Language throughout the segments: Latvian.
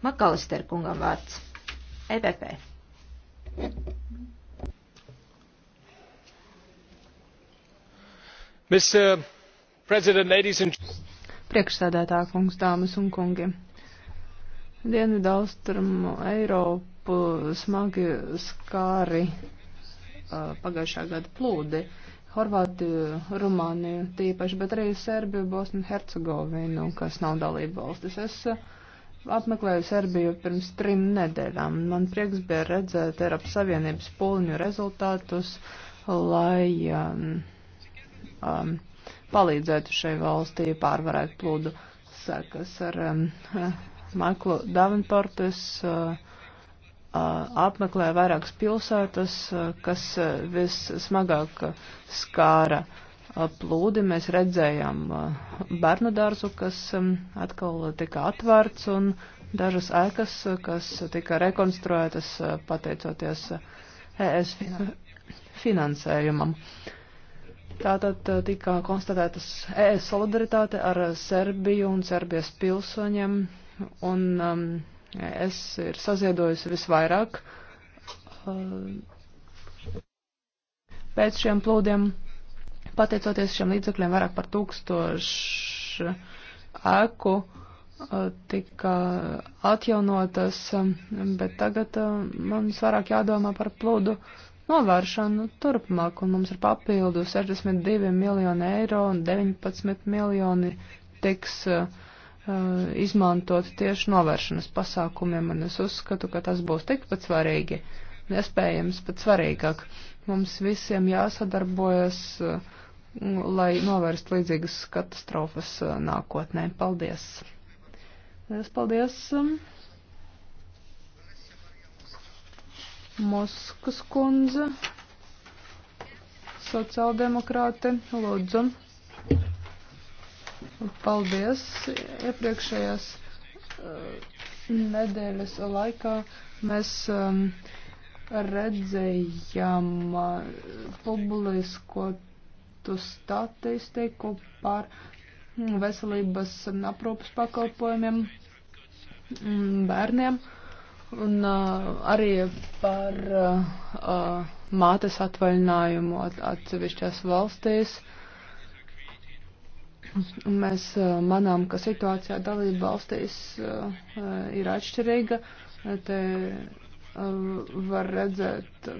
Makalister kungam vārds. EPP. Mr. President, ladies and Priekšsēdētā kungs, dāmas un kungi. Dienvidaustrumu Eiropu smagi skāri uh, pagājušā gada plūdi. Horvātiju, Rumāniju tīpaši, bet arī Serbiju, Bosnu, Hercegovinu, kas nav dalība valstis. Es uh, apmeklēju Serbiju pirms trim nedēļām. Man prieks bija redzēt Eiropas Savienības pūliņu rezultātus, lai um, um, palīdzētu šai valstī pārvarēt plūdu sekas ar um, Maiklu Davenportu. Es uh, uh, apmeklēju vairākas pilsētas, uh, kas uh, vissmagāk skāra. Uh, plūdi, mēs redzējām bērnu dārzu, kas atkal tika atvērts un dažas ēkas, kas tika rekonstruētas pateicoties ES finansējumam. Tātad tika konstatētas ES solidaritāte ar Serbiju un Serbijas pilsoņiem, un um, ES ir saziedojusi visvairāk uh, pēc šiem plūdiem. Pateicoties šiem līdzekļiem, vairāk par tūkstošu ēku uh, tika atjaunotas, um, bet tagad uh, mums vairāk jādomā par plūdu novēršanu turpmāk, un mums ir papildu 62 miljoni eiro un 19 miljoni tiks uh, uh, izmantot tieši novēršanas pasākumiem, un es uzskatu, ka tas būs tikpat svarīgi, iespējams pat svarīgāk. Mums visiem jāsadarbojas. Uh, lai novērst līdzīgas katastrofas uh, nākotnē. Paldies! Es paldies! Um, Moskas kundze, sociāldemokrāte, lūdzu. Paldies! Iepriekšējās uh, nedēļas laikā mēs um, redzējām uh, publiskot datu statistiku par mm, veselības aprūpas pakalpojumiem mm, bērniem un uh, arī par uh, uh, mātes atvaļinājumu at atsevišķās valstīs. Mēs uh, manām, ka situācijā dalība valstīs uh, uh ir atšķirīga. Te uh, var redzēt,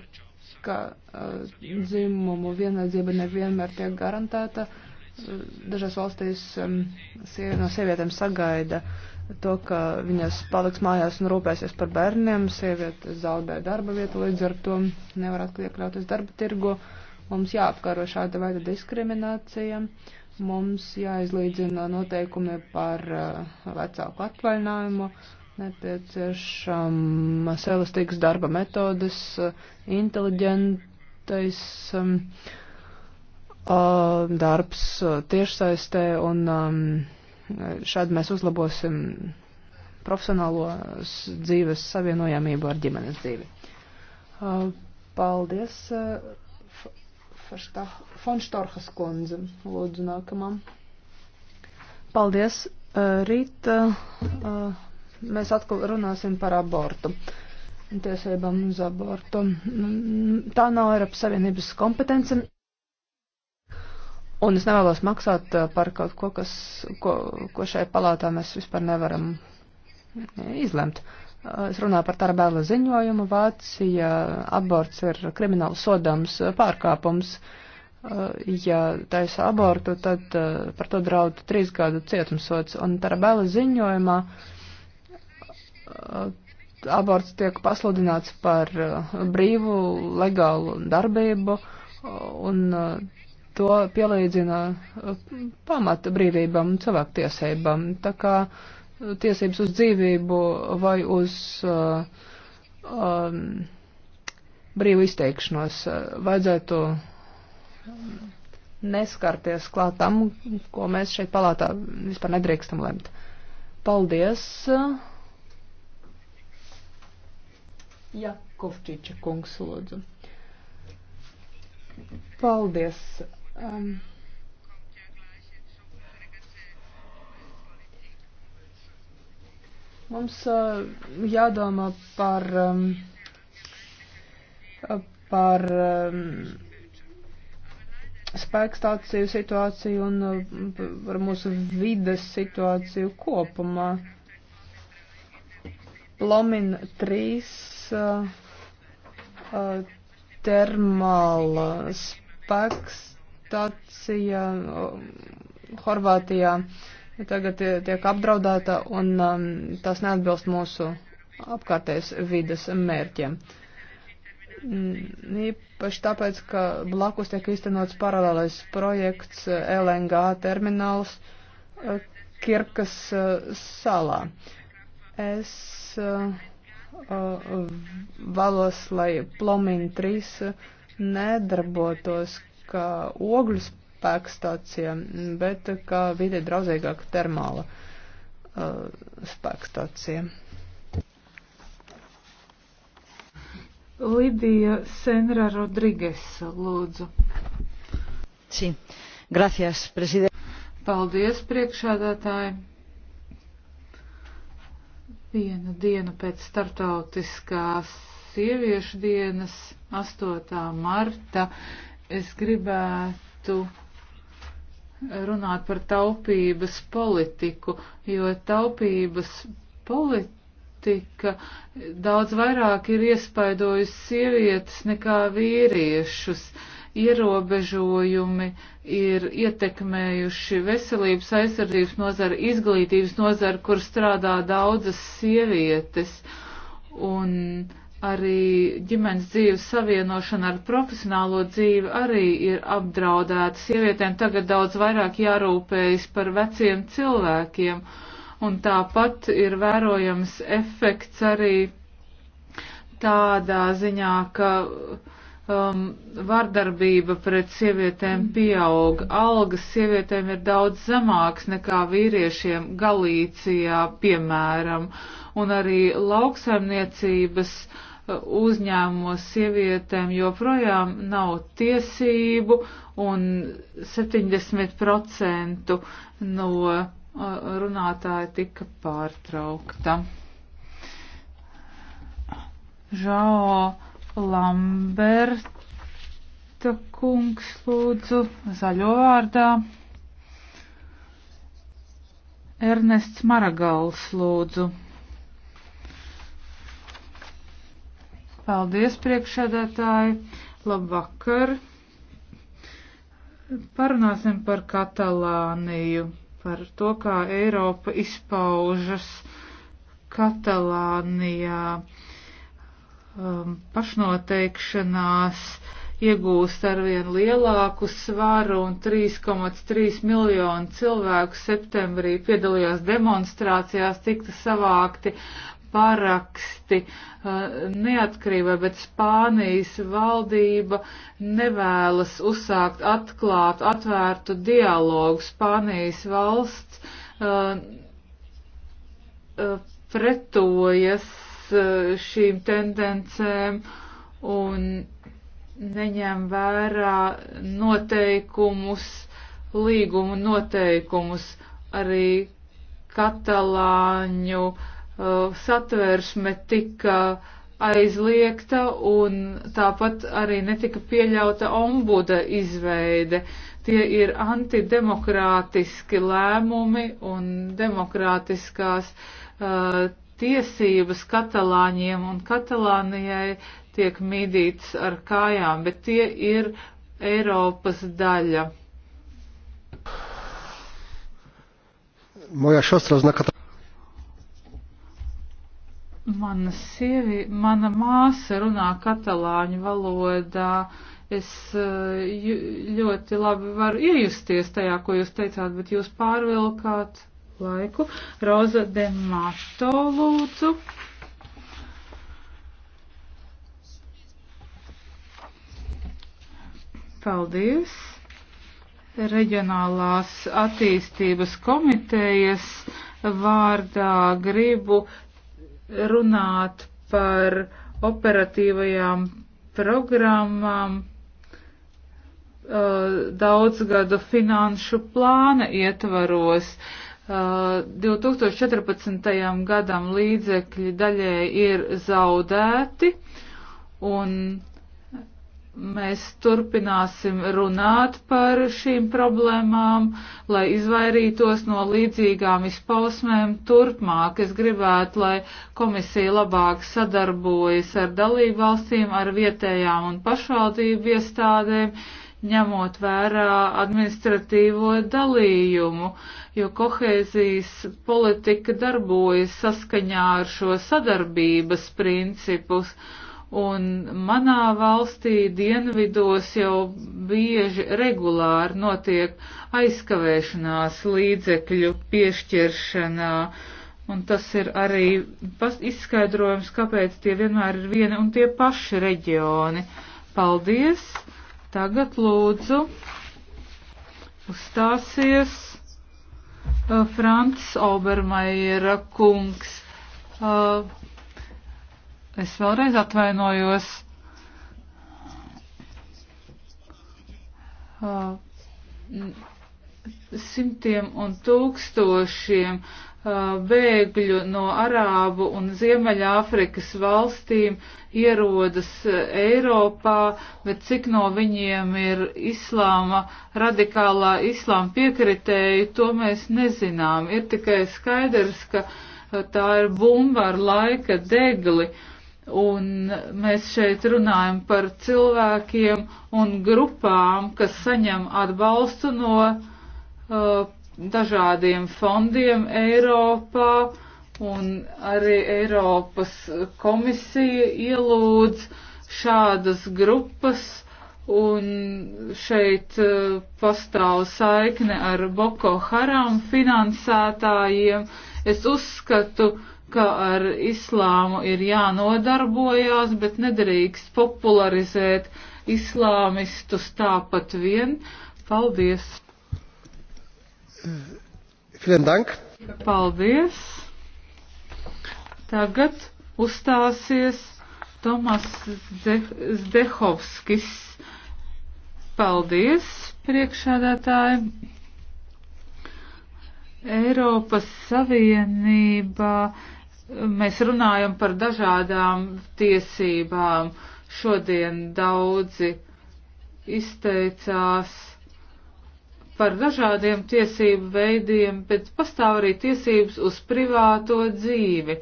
ka uh, dzimumu vienlīdzība nevienmēr tiek garantēta. Dažās valstīs um, no sievietēm sagaida to, ka viņas paliks mājās un rūpēsies par bērniem. Sieviete zaudē darba vietu, līdz ar to nevar atkal iekļauties darba tirgu. Mums jāapkaro šāda veida diskriminācija. Mums jāizlīdzina noteikumi par uh, vecāku atvaļinājumu. Uh, nepieciešamas elastīgas darba metodas, inteliģentais um, darbs tiešsaistē, un um, šādi mēs uzlabosim profesionālos dzīves savienojamību ar ģimenes dzīvi. Uh, paldies, uh, Fonštorhas kundze, lūdzu nākamā. Paldies, uh, rīt. Uh, uh, mēs atkal runāsim par abortu. Tiesībām uz abortu. Mm, tā nav Eiropas Savienības kompetence. Un es nevēlos maksāt uh, par kaut ko, kas, ko, ko šai palātā mēs vispār nevaram izlemt. Uh, es runāju par Tarbēla ziņojumu. Vācija uh, aborts ir krimināli sodams pārkāpums. Ja taisa abortu, tad par to draudu trīs gadu cietumsots. Un Tarbēla ziņojumā uh, aborts tiek pasludināts par brīvu, legālu darbību, un to pielīdzina pamata brīvībām un cilvēktiesībām. Tā kā tiesības uz dzīvību vai uz um, brīvu izteikšanos vajadzētu neskarties klāt tam, ko mēs šeit palātā vispār nedrīkstam lemt. Paldies! Jakovčiča kungs lūdzu. Paldies. Um, mums uh, jādomā par, um, par um, spēkstāciju situāciju un uh, par mūsu vides situāciju kopumā. Plomin 3 Uh, termāla spēks stacija uh, Horvātijā tagad tiek apdraudēta un um, tas neatbilst mūsu apkārtējas vides mērķiem. Mm, īpaši tāpēc, ka blakus tiek īstenots paralēlais projekts uh, LNG termināls Kirkas salā. Es uh, Uh, vēlos, lai Plomīna 3 nedarbotos kā ogļu spēkstācija, bet kā vide draudzīgāka termāla uh, spēkstācija. Lidija Senra Rodriges, lūdzu. Sí. Gracias, prezident. Paldies, priekšādātāji. Viena diena pēc startautiskās sieviešu dienas, 8. marta, es gribētu runāt par taupības politiku, jo taupības politika daudz vairāk ir iespaidojusi sievietes nekā vīriešus. Uh, ierobežojumi ir ietekmējuši veselības aizsardzības nozara, izglītības nozara, kur strādā daudzas sievietes, un arī ģimenes dzīves savienošana ar profesionālo dzīvi arī ir apdraudēta. Sievietēm tagad daudz vairāk jārūpējas par veciem cilvēkiem, un tāpat ir vērojams efekts arī tādā ziņā, ka uh, um, vardarbība pret sievietēm pieaug. Algas sievietēm ir daudz zemāks nekā vīriešiem Galīcijā, piemēram, un arī lauksaimniecības uh, uzņēmumos sievietēm joprojām nav tiesību un 70% no uh, runātāja tika pārtraukta. Žao Lamberta kungs lūdzu zaļo vārdā. Ernests Maragals lūdzu. Paldies priekšsēdētāji. Labvakar. Parunāsim par Katalāniju, par to, kā Eiropa izpaužas Katalānijā um, pašnoteikšanās iegūst arvien lielāku svaru un 3,3 miljonu cilvēku septembrī piedalījās demonstrācijās, tika savākti paraksti uh, neatkarībai, bet Spānijas valdība nevēlas uzsākt atklātu, atvērtu dialogu. Spānijas valsts uh, uh, pretojas Eh, šīm tendencēm un neņem vērā noteikumus, līgumu noteikumus, arī katalāņu uh, satversme tika aizliegta un tāpat arī netika pieļauta ombuda izveide. Tie ir antidemokrātiski lēmumi un demokrātiskās uh, tiesības katalāņiem un katalānijai tiek mīdīts ar kājām, bet tie ir Eiropas daļa. Moja šostra zna katalāņu. Mana sievi, mana māsa runā katalāņu valodā. Es eh, ļoti labi varu iejusties tajā, ko jūs teicāt, bet jūs pārvilkāt laiku. Roza de Mato lūdzu. Paldies. Reģionālās attīstības komitejas vārdā gribu runāt par operatīvajām programmām uh, daudzgadu finanšu plāna ietvaros. Uh, 2014. Uh, gadam līdzekļi daļai ir zaudēti, un mēs turpināsim runāt par šīm problēmām, lai izvairītos no līdzīgām izpausmēm turpmāk. Es gribētu, lai komisija labāk sadarbojas ar dalību valstīm, ar vietējām un pašvaldību iestādēm, ņemot vērā administratīvo dalījumu, jo kohēzijas politika darbojas saskaņā ar šo sadarbības principus. Un manā valstī dienvidos jau bieži regulāri notiek aizkavēšanās līdzekļu piešķiršanā. Un tas ir arī izskaidrojums, kāpēc tie vienmēr ir viena un tie paši reģioni. Paldies! Tagad lūdzu uzstāsies uh, Frants Obermaiera kungs. Uh, es vēlreiz atvainojos. Uh, simtiem un tūkstošiem uh, bēgļu no Arābu un Ziemeļāfrikas valstīm ierodas Eiropā, bet cik no viņiem ir islāma, radikālā islāma piekritēji, to mēs nezinām. Ir tikai skaidrs, ka tā ir bumba ar laika degli. Un mēs šeit runājam par cilvēkiem un grupām, kas saņem atbalstu no uh, dažādiem fondiem Eiropā, un arī Eiropas komisija ielūdz šādas grupas, un šeit e, pastāv saikne ar Boko Haram finansētājiem. Es uzskatu, ka ar islāmu ir jānodarbojās, bet nedrīkst popularizēt islāmistus tāpat vien. Paldies! Paldies! Tagad uzstāsies Tomas Zdehovskis. Paldies, priekšādātāji! Eiropas Savienībā mēs runājam par dažādām tiesībām. Šodien daudzi izteicās par dažādiem tiesību veidiem, bet pastāv arī tiesības uz privāto dzīvi.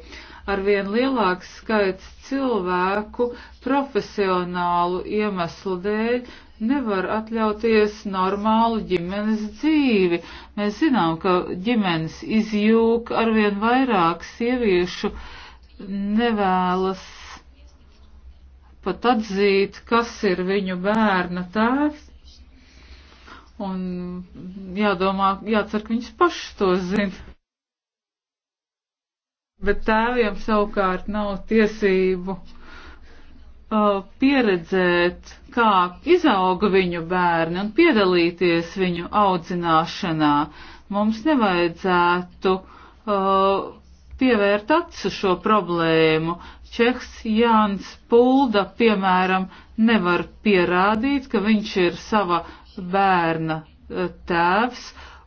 Arvien lielāks skaits cilvēku profesionālu iemeslu dēļ nevar atļauties normālu ģimenes dzīvi. Mēs zinām, ka ģimenes izjūg arvien vairāk sieviešu nevēlas pat atzīt, kas ir viņu bērna tēvs, Un jādomā, jācer, ka viņas pašas to zina. Bet tēviem savukārt nav tiesību uh, pieredzēt, kā izauga viņu bērni un piedalīties viņu audzināšanā. Mums nevajadzētu uh, pievērt acu šo problēmu. Čehs Jānis Pulda, piemēram, nevar pierādīt, ka viņš ir sava bērna eh, tēvs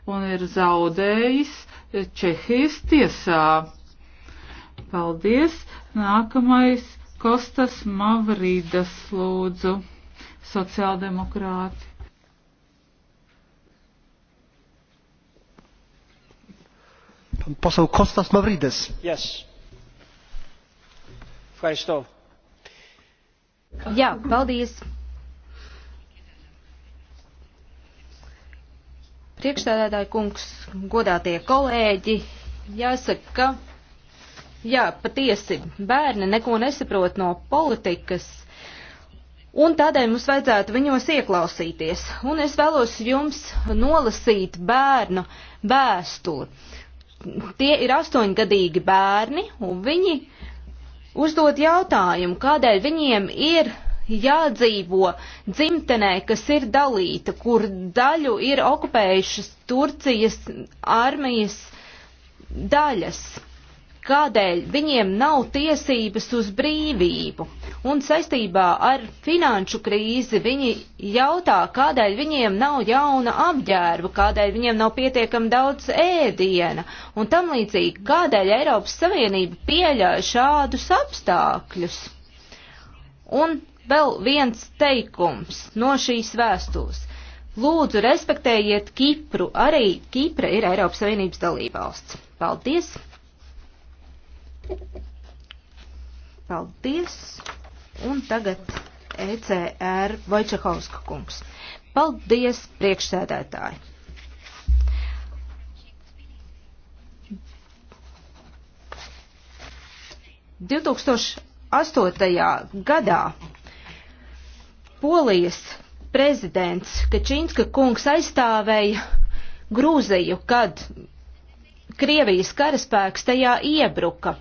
un ir zaudējis eh, Čehijas tiesā. Paldies! Nākamais Kostas Mavrīdas lūdzu, sociāldemokrāti. Poseł Kostas Mavrides. Yes. Ευχαριστώ. Jā, paldies. Priekšstādātāji kungs, godātie kolēģi, jāsaka, ka, jā, patiesi, bērni neko nesaprot no politikas, un tādēļ mums vajadzētu viņos ieklausīties. Un es vēlos jums nolasīt bērnu vēstuli. Tie ir astoņgadīgi bērni, un viņi uzdot jautājumu, kādēļ viņiem ir jādzīvo dzimtenē, kas ir dalīta, kur daļu ir okupējušas Turcijas armijas daļas. Kādēļ viņiem nav tiesības uz brīvību? Un saistībā ar finanšu krīzi viņi jautā, kādēļ viņiem nav jauna apģērba, kādēļ viņiem nav pietiekami daudz ēdiena un tam līdzīgi, kādēļ Eiropas Savienība pieļauj šādus apstākļus. Un vēl viens teikums no šīs vēstules. Lūdzu, respektējiet Kipru. Arī Kipra ir Eiropas Savienības dalībvalsts. Paldies! Paldies! Un tagad ECR Vojčakovska kungs. Paldies, priekšsēdētāji! Divtūkstoš astotajā gadā Polijas prezidents Kačinska kungs aizstāvēja Grūziju, kad Krievijas karaspēks tajā iebruka.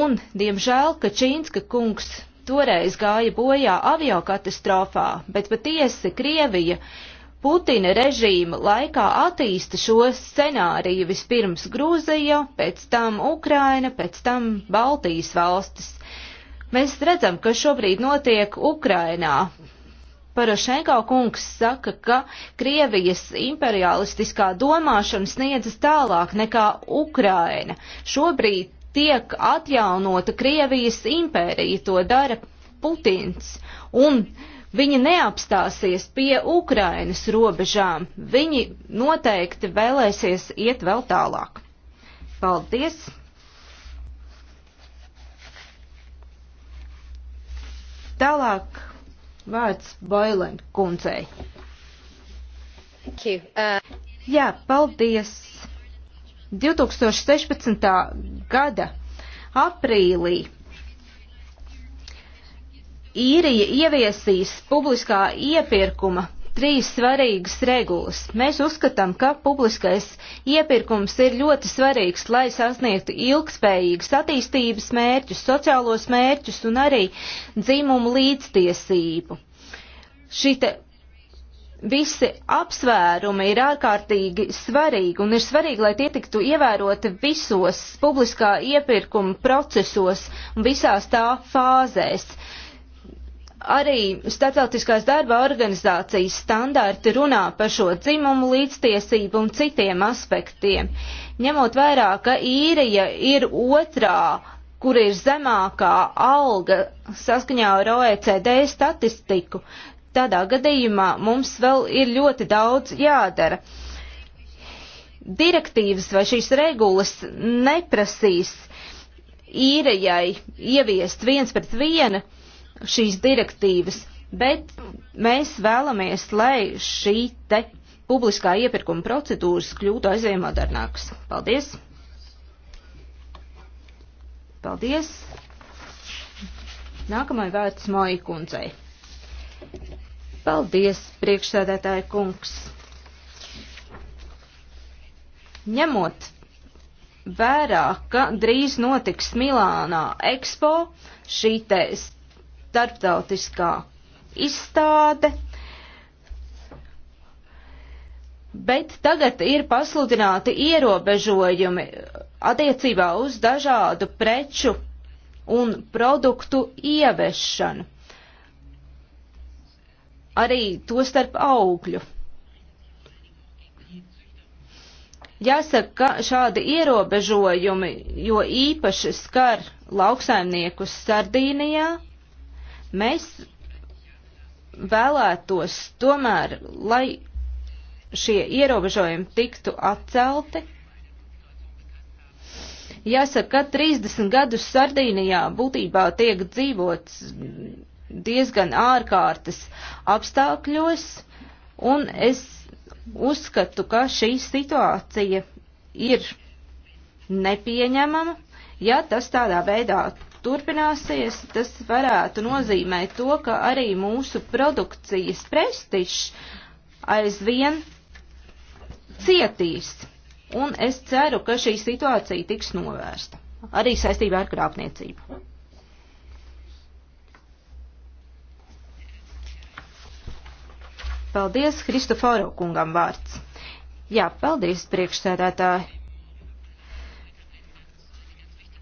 Un, diemžēl, Kačinska kungs toreiz gāja bojā aviokatastrofā, bet patiesi Krievija Putina režīma laikā attīsta šo scenāriju vispirms Grūzija, pēc tam Ukraina, pēc tam Baltijas valstis. Mēs redzam, kas šobrīd notiek Ukrainā. Parošenko kungs saka, ka Krievijas imperialistiskā domāšana sniedzas tālāk nekā Ukraina. Šobrīd tiek atjaunota Krievijas impērija, to dara Putins. Un Viņi neapstāsies pie Ukrainas robežām. Viņi noteikti vēlēsies iet vēl tālāk. Paldies! Tālāk vārds Boilen kundzei. Uh... Jā, paldies. 2016. gada aprīlī īrija ieviesīs publiskā iepirkuma trīs svarīgas regulas. Mēs uzskatām, ka publiskais iepirkums ir ļoti svarīgs, lai sasniegtu ilgspējīgas attīstības mērķus, sociālos mērķus un arī dzimumu līdztiesību. Šita visi apsvērumi ir ārkārtīgi svarīgi un ir svarīgi, lai tie tiktu ievēroti visos publiskā iepirkuma procesos un visās tā fāzēs. Uh, Arī Startautiskās darba organizācijas standarti runā par šo dzimumu līdztiesību un citiem aspektiem. Ņemot vērā, ka īrija ir otrā, kur ir zemākā alga saskaņā ar OECD statistiku, tādā gadījumā mums vēl ir ļoti daudz jādara. Direktīvas vai šīs regulas neprasīs īrijai ieviest viens pret vienu šīs direktīvas, bet mēs vēlamies, lai šī te publiskā iepirkuma procedūras kļūtu aizvien modernākas. Paldies! Paldies! Nākamai vērts Moja kundzei. Paldies, priekšsēdētāja kungs! Ņemot vērā, ka drīz notiks Milānā ekspo, šī te starptautiskā izstāde, bet tagad ir pasludināti ierobežojumi attiecībā uz dažādu preču un produktu ieviešanu, arī to starp augļu. Jāsaka, ka šādi ierobežojumi jo īpaši skar lauksaimniekus Sardīnijā, Mēs vēlētos tomēr, lai šie ierobežojumi tiktu atcelti. Jāsaka, ka 30 gadus Sardīnijā būtībā tiek dzīvots diezgan ārkārtas apstākļos, un es uzskatu, ka šī situācija ir nepieņemama, ja tas tādā veidā turpināsies, tas varētu nozīmēt to, ka arī mūsu produkcijas prestižs aizvien cietīs. Un es ceru, ka šī situācija tiks novērsta. Arī saistībā ar krāpniecību. Paldies, Kristoforo kungam vārds. Jā, paldies, priekšsēdētāji.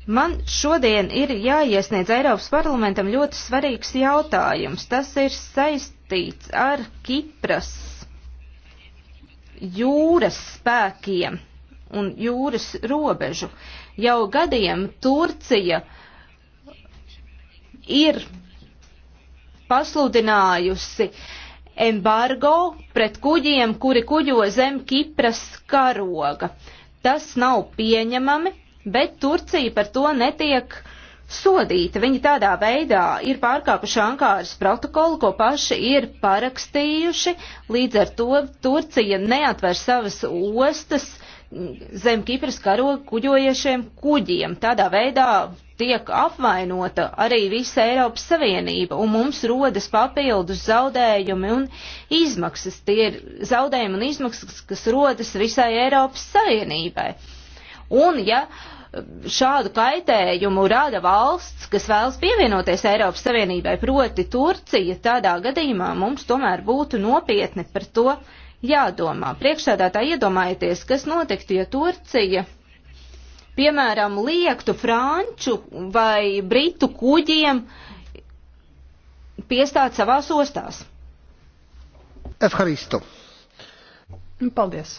Man šodien ir jāiesniedz Eiropas parlamentam ļoti svarīgs jautājums. Tas ir saistīts ar Kipras jūras spēkiem un jūras robežu. Jau gadiem Turcija ir pasludinājusi embargo pret kuģiem, kuri kuģo zem Kipras karoga. Tas nav pieņemami, bet Turcija par to netiek sodīta. Viņi tādā veidā ir pārkāpuši Ankāras protokolu, ko paši ir parakstījuši, līdz ar to Turcija neatver savas ostas zem Kipras karoga kuģojiešiem kuģiem. Tādā veidā tiek apvainota arī visa Eiropas Savienība, un mums rodas papildus zaudējumi un izmaksas. Tie ir zaudējumi un izmaksas, kas rodas visai Eiropas Savienībai. Un ja uh, šādu kaitējumu rada valsts, kas vēlas pievienoties Eiropas Savienībai, proti Turcija, tādā gadījumā mums tomēr būtu nopietni par to jādomā. Priekšsēdētā iedomājieties, kas notiktu, ja Turcija, piemēram, liektu franču vai britu kuģiem piestāt savās ostās. Efharisto. Nu, paldies.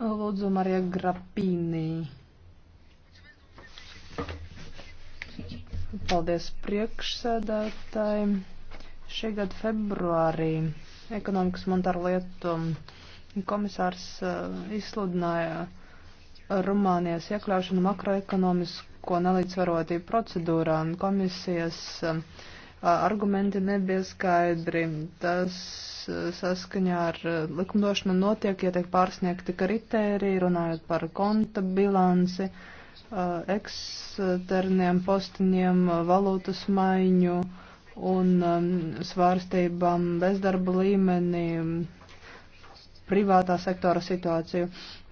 Lūdzu, Marija Grapīnī. Paldies priekšsēdētāji. Šī gada februārī ekonomikas monetāru lietu komisārs uh, izsludināja Rumānijas iekļaušanu makroekonomisko nelīdzvarotību procedūrā un komisijas uh, argumenti nebija skaidri. Tas saskaņā ar likumdošanu notiek, ja tiek pārsniegti kriteriji, runājot par konta bilanci, eksterniem postiņiem, valūtas maiņu un svārstībām bezdarba līmenī privātā sektora situāciju,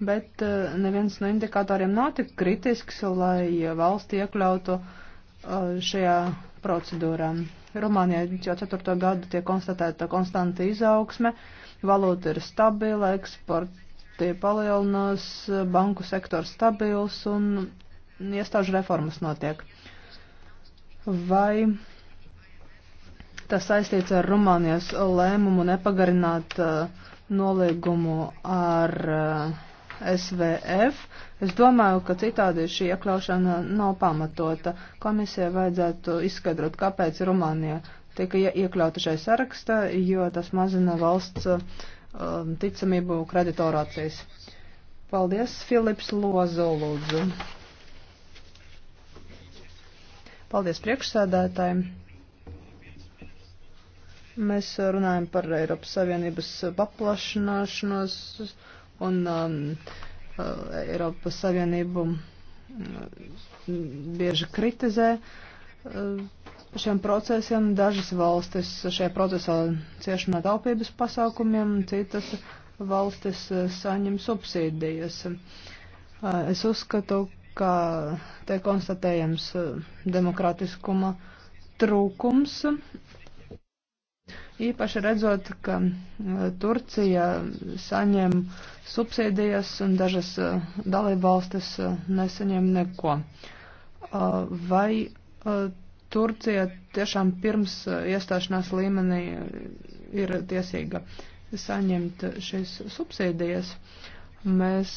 bet neviens no indikatoriem nav tik kritisks, lai valsti iekļautu šajā procedūrā. Rumānijā jau ceturto gadu tiek konstatēta konstanta izaugsme, valūta ir stabila, eksporti palielinās, banku sektors stabils un iestāžu reformas notiek. Vai tas saistīts ar Rumānijas lēmumu nepagarināt uh, nolīgumu ar uh, SVF? Es domāju, ka citādi šī iekļaušana nav pamatota. Komisijai vajadzētu izskaidrot, kāpēc Rumānija tika iekļauta šai sarakstā, jo tas mazina valsts uh, ticamību kreditorācijas. Paldies, Filips Lozo, lūdzu. Paldies priekšsēdētājiem. Mēs runājam par Eiropas Savienības paplašanāšanos un um, Eh, Eiropas Savienību mm, bieži kritizē eh, šiem procesiem. Dažas valstis šajā procesā cieši no taupības pasākumiem, citas valstis eh, saņem subsīdijas. Es uzskatu, ka te konstatējams demokratiskuma trūkums Īpaši redzot, ka Turcija saņem subsīdijas un dažas e, dalībvalstis e, nesaņem neko. Vai e, Turcija tiešām pirms iestāšanās līmenī ir tiesīga saņemt šīs subsīdijas? Mēs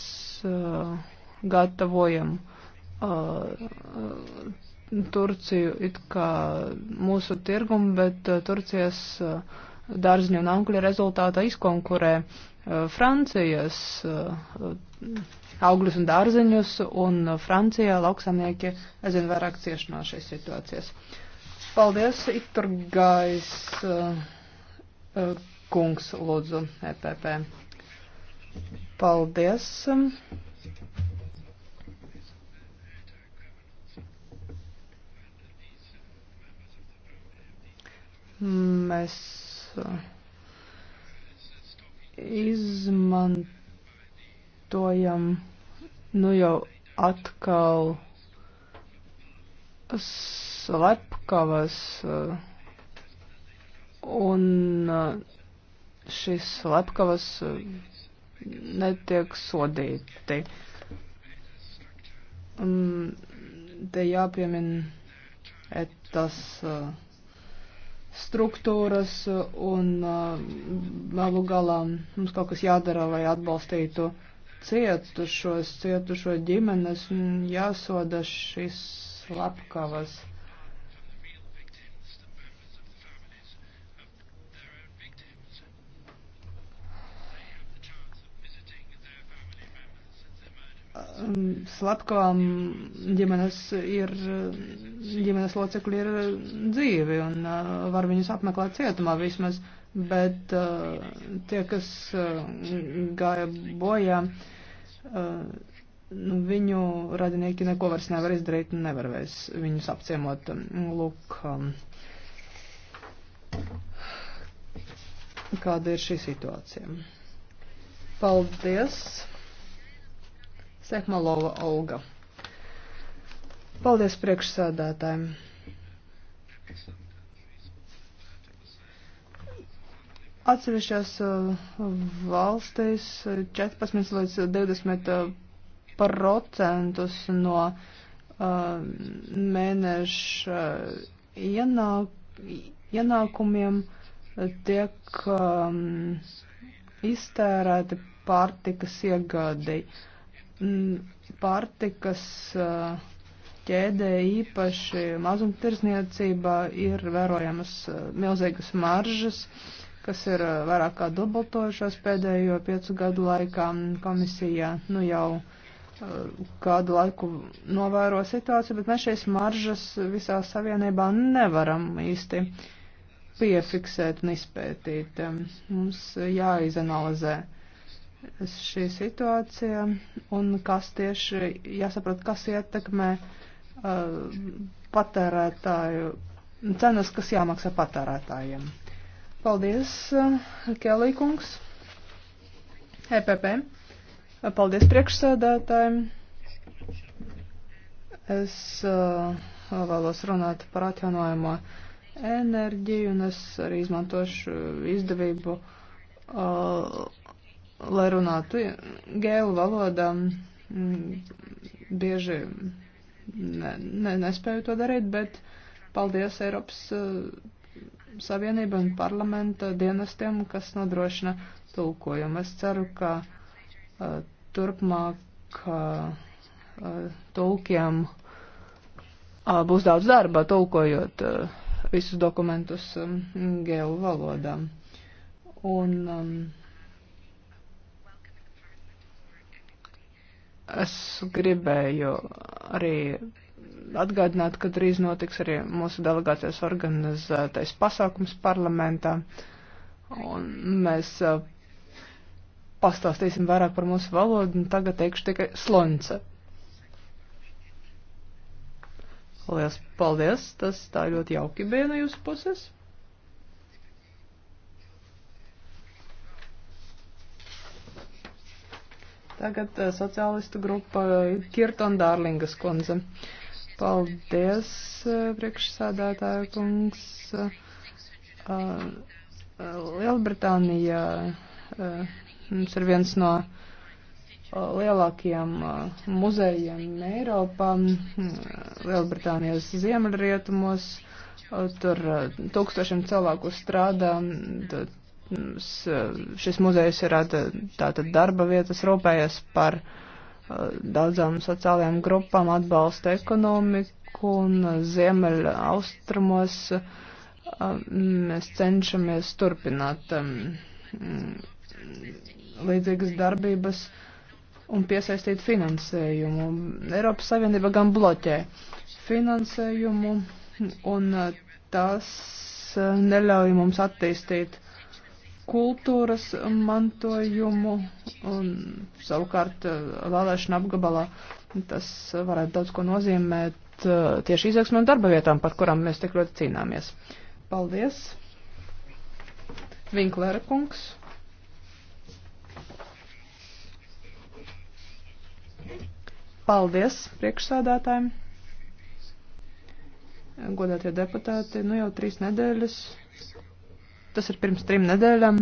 gatavojam Turciju it kā mūsu tirgumu, bet uh, Turcijas uh, dārziņu un augļu rezultātā izkonkurē uh, Francijas augļus un dārziņus, un Francijā lauksamnieki aizvien vairāk cieši no šīs situācijas. Paldies, Iturgais kungs, lūdzu, EPP. Paldies. Mēs uh, izmantojam nu jau atkal slepkavas uh, un uh, šīs slepkavas netiek sodīti. Um, te jāpiemin etas uh, struktūras uh, un uh, galu galā mums kaut kas jādara, lai atbalstītu cietušos, cietušo ģimenes un jāsoda šis slepkavas. slepkavām ģimenes, ir, ģimenes locekļi ir dzīvi un uh, var viņus apmeklēt cietumā vismaz, bet uh, tie, kas uh, gāja bojā, nu, viņu radinieki neko vairs nevar izdarīt un nevar vairs viņus apciemot. Lūk, um, kāda ir šī situācija. Paldies! Sekmalova Olga. Paldies priekšsēdētājiem. Atsevišķās uh, valstīs 14 uh, līdz 20 uh, procentus no uh, mēneša ienāk, ienākumiem tiek um, iztērēti pārtikas iegādēji pārtikas ķēdē īpaši mazumtirsniecībā ir vērojamas milzīgas maržas, kas ir vairāk kā dubultojušās pēdējo piecu gadu laikā. Komisija nu jau kādu laiku novēro situāciju, bet mēs šīs maržas visā savienībā nevaram īsti piefiksēt un izpētīt. Mums jāizanalizē šī situācija un kas tieši jāsaprot, kas ietekmē uh, patērētāju cenas, kas jāmaksā patērētājiem. Paldies, uh, Kelī kungs, EPP. Paldies priekšsēdētājiem. Es uh, vēlos runāt par atjaunojamo enerģiju un es arī izmantošu izdevību. Uh, lai runātu gēlu valodā, mm, bieži ne, ne, nespēju to darīt, bet paldies Eiropas eh, Savienība un parlamenta dienestiem, kas nodrošina tulkojumu. Es ceru, ka uh, turpmāk uh, tulkiem uh, būs daudz darba tulkojot uh, visus dokumentus um, gēlu valodā. Un, um, Es gribēju arī atgādināt, ka drīz notiks arī mūsu delegācijas organizētais pasākums parlamentā. Un mēs uh, pastāstīsim vairāk par mūsu valodu, un tagad teikšu tikai slonce. Lielas paldies, tas tā ļoti jauki bija no jūsu puses. Tagad eh, sociālistu grupa eh, Kirton Dārlingas kundze. Paldies, eh, priekšsādātāja kungs. Lielbritānija mums ir viens no lielākajiem muzejiem Eiropā, mm, Lielbritānijas ziemeļrietumos. Tur tūkstošiem cilvēku strādā, mm, Eh, šis muzejs rada tātad darba vietas, rūpējas par eh, daudzām sociālajām grupām, atbalsta ekonomiku un ziemeļa austrumos. Eh, mēs cenšamies turpināt mm, līdzīgas darbības un piesaistīt finansējumu. Eiropas Savienība gan bloķē finansējumu, un tas neļauj mums attīstīt kultūras mantojumu un savukārt lēlēšana eh, apgabalā. Tas varētu daudz ko nozīmēt eh, tieši izaugsmē un darba vietām, par kurām mēs tik ļoti cīnāmies. Paldies! Vinklēra kungs. Paldies priekšsēdētājiem! godātie deputāti, nu jau trīs nedēļas Tas ir pirms trim nedēļām.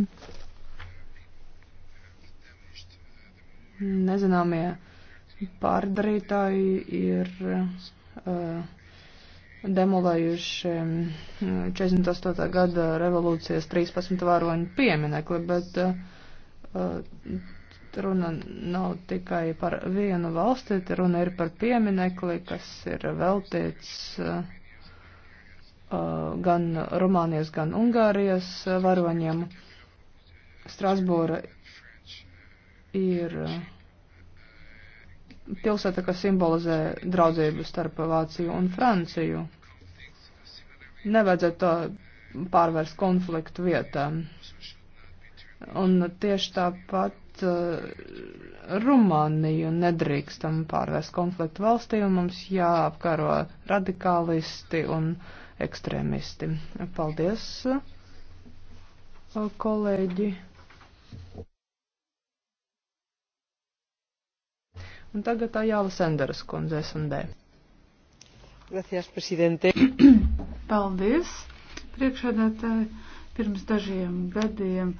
Nezināmie pārdarītāji ir uh, demolējuši 48. Um, gada revolūcijas 13 varoņu pieminekli, bet uh, uh, runa nav tikai par vienu valsti, runa ir par pieminekli, kas ir veltīts. Uh, Uh, gan Rumānijas, gan Ungārijas varoņiem. Strasbūra ir uh, pilsēta, kas simbolizē draudzību starp Vāciju un Franciju. Nevajadzētu to pārvērst konfliktu vietā. Un tieši tāpat uh, Rumāniju nedrīkstam pārvērst konfliktu valstī, un mums jāapkaro radikālisti un uh, ekstrēmisti. Paldies, kolēģi! Un tagad Ajāla Senderas kundze SND. Gracias, presidente. Paldies. Priekšādātāji, pirms dažiem gadiem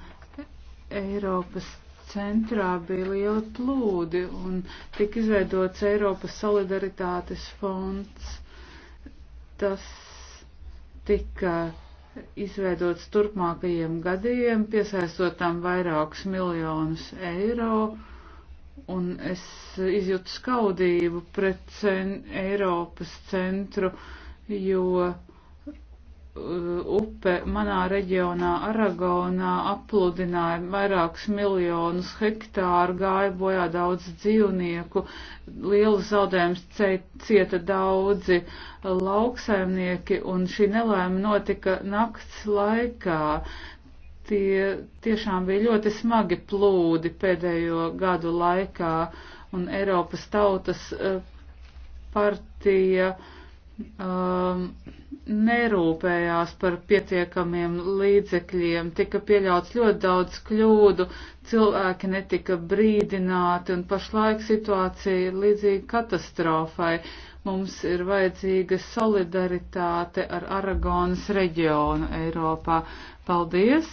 Eiropas centrā bija liela plūdi un tika izveidots Eiropas solidaritātes fonds. Tas tika izveidots turpmākajiem gadiem, piesaistot tam vairākus miljonus eiro, un es izjūtu skaudību pret cen Eiropas centru, jo upe manā reģionā Aragonā apludināja vairākus miljonus hektāru, gāja bojā daudz dzīvnieku, lielu zaudējumus cieta daudzi lauksaimnieki, un šī nelēma notika nakts laikā. Tie tiešām bija ļoti smagi plūdi pēdējo gadu laikā, un Eiropas tautas eh, partija uh, um, nerūpējās par pietiekamiem līdzekļiem, tika pieļauts ļoti daudz kļūdu, cilvēki netika brīdināti un pašlaik situācija ir līdzīga katastrofai. Mums ir vajadzīga solidaritāte ar Aragonas reģionu Eiropā. Paldies!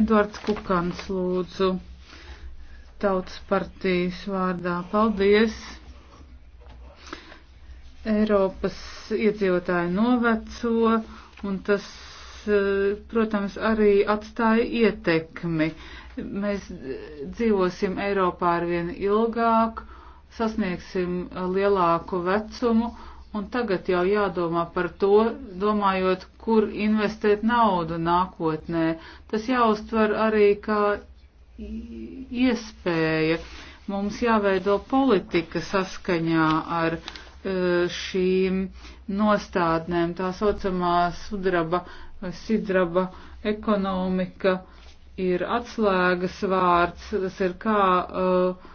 Edvards Kukans lūdzu. Tautas partijas vārdā. Paldies! Eiropas iedzīvotāji noveco, un tas, e, protams, arī atstāja ietekmi. Mēs dzīvosim Eiropā arvien ilgāk, sasniegsim lielāku vecumu, un tagad jau jādomā par to, domājot, kur investēt naudu nākotnē. Tas jāuztver arī kā iespēja. Mums jāveido politika saskaņā ar E, šīm nostādnēm. Tā saucamā sudraba, sidraba ekonomika ir atslēgas vārds, tas ir kā uh,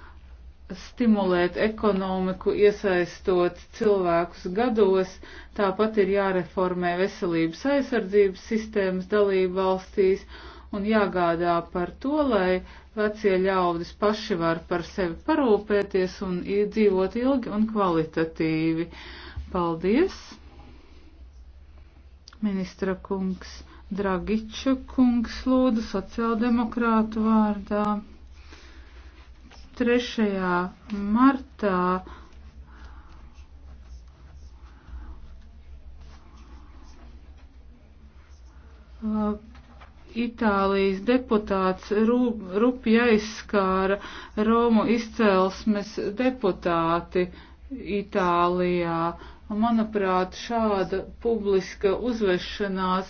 stimulēt ekonomiku, iesaistot cilvēkus gados, tāpat ir jāreformē veselības aizsardzības sistēmas dalību valstīs un jāgādā par to, lai vecie ļaudis paši var par sevi parūpēties un dzīvot ilgi un kvalitatīvi. Paldies! Ministra kungs, Dragiča kungs lūdzu sociāldemokrātu vārdā. 3. martā uh, Itālijas deputāts rupi aizskāra Romu izcelsmes deputāti Itālijā. Manuprāt, šāda publiska uzvešanās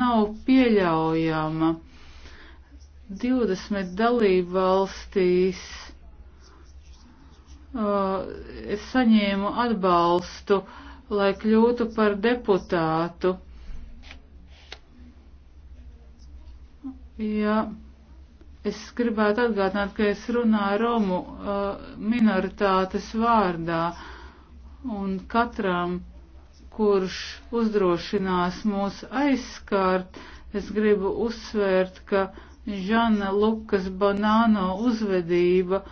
nav pieļaujama. 20 dalību valstīs uh, es saņēmu atbalstu, lai kļūtu par deputātu Jā, es gribētu atgādināt, ka es runāju Romu uh, minoritātes vārdā un katram, kurš uzdrošinās mūs aizskārt, es gribu uzsvērt, ka Žana Lukas Banāno uzvedība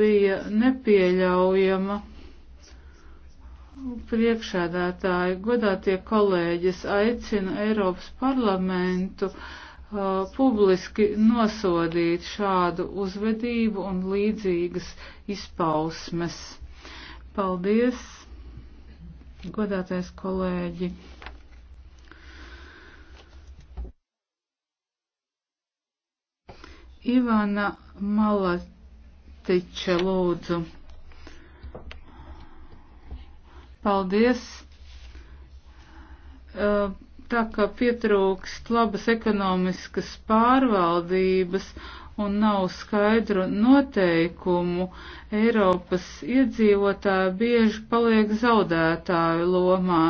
bija nepieļaujama priekšēdētāji, godātie kolēģis aicina Eiropas parlamentu uh, uh, publiski nosodīt šādu uzvedību un līdzīgas izpausmes. Paldies, godātais kolēģi! Ivana Malatiča lūdzu. Paldies. Uh, tā kā pietrūkst labas ekonomiskas pārvaldības un nav skaidru noteikumu, Eiropas iedzīvotāji bieži paliek zaudētāju lomā,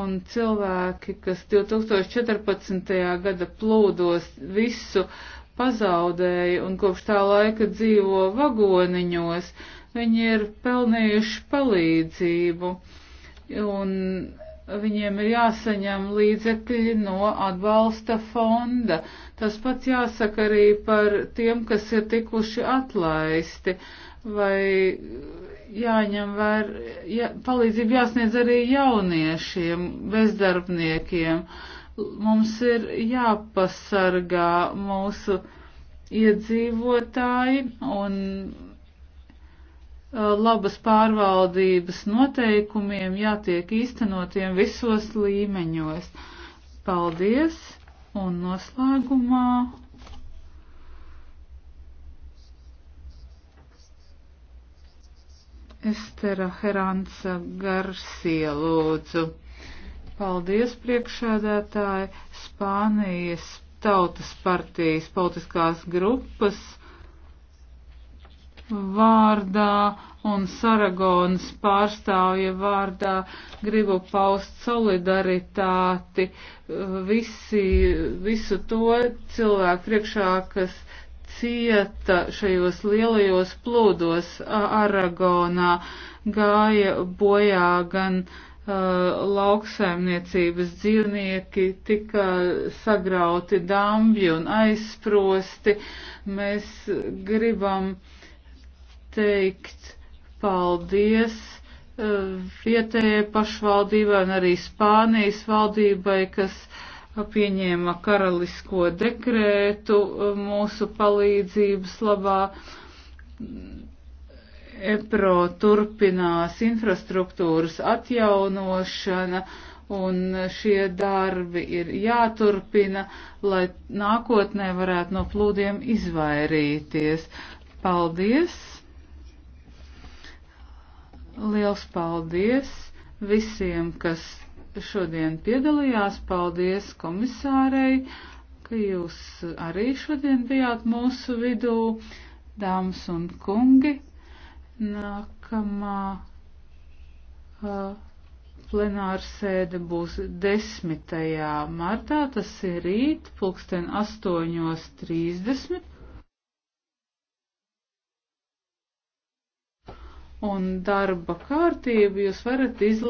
un cilvēki, kas 2014. gada plūdos visu pazaudēja un kopš tā laika dzīvo vagoniņos, viņi ir pelnījuši palīdzību. Un viņiem ir jāsaņem līdzekļi no atbalsta fonda. Tas pats jāsaka arī par tiem, kas ir tikuši atlaisti, vai jāņem vēr, jā, palīdzību jāsniedz arī jauniešiem, bezdarbniekiem. Mums ir jāpasargā mūsu iedzīvotāji un Uh, labas pārvaldības noteikumiem jātiek īstenotiem visos līmeņos. Paldies! Un noslēgumā. Estera Heranca Garsie lūdzu. Paldies priekšādātāji Spānijas Tautas partijas politiskās grupas vārdā un Saragonas pārstāvja vārdā gribu paust solidaritāti uh, visi, visu to cilvēku priekšā, kas cieta šajos lielajos plūdos Aragonā, gāja bojā gan uh, lauksaimniecības dzīvnieki, tika sagrauti dambļi un aizsprosti. Mēs gribam uh, teikt paldies uh, vietējai pašvaldībai un arī Spānijas valdībai, kas pieņēma karalisko dekrētu eh, mūsu palīdzības labā. EPRO turpinās infrastruktūras atjaunošana un šie darbi ir jāturpina, lai nākotnē varētu no plūdiem izvairīties. Paldies! Liels paldies visiem, kas šodien piedalījās. Paldies komisārei, ka jūs arī šodien bijāt mūsu vidū, dāmas un kungi. Nākamā uh, plenārsēde būs 10. martā, tas ir rīt, pulksten 8.30. un darba kārtību jūs varat izlasīt.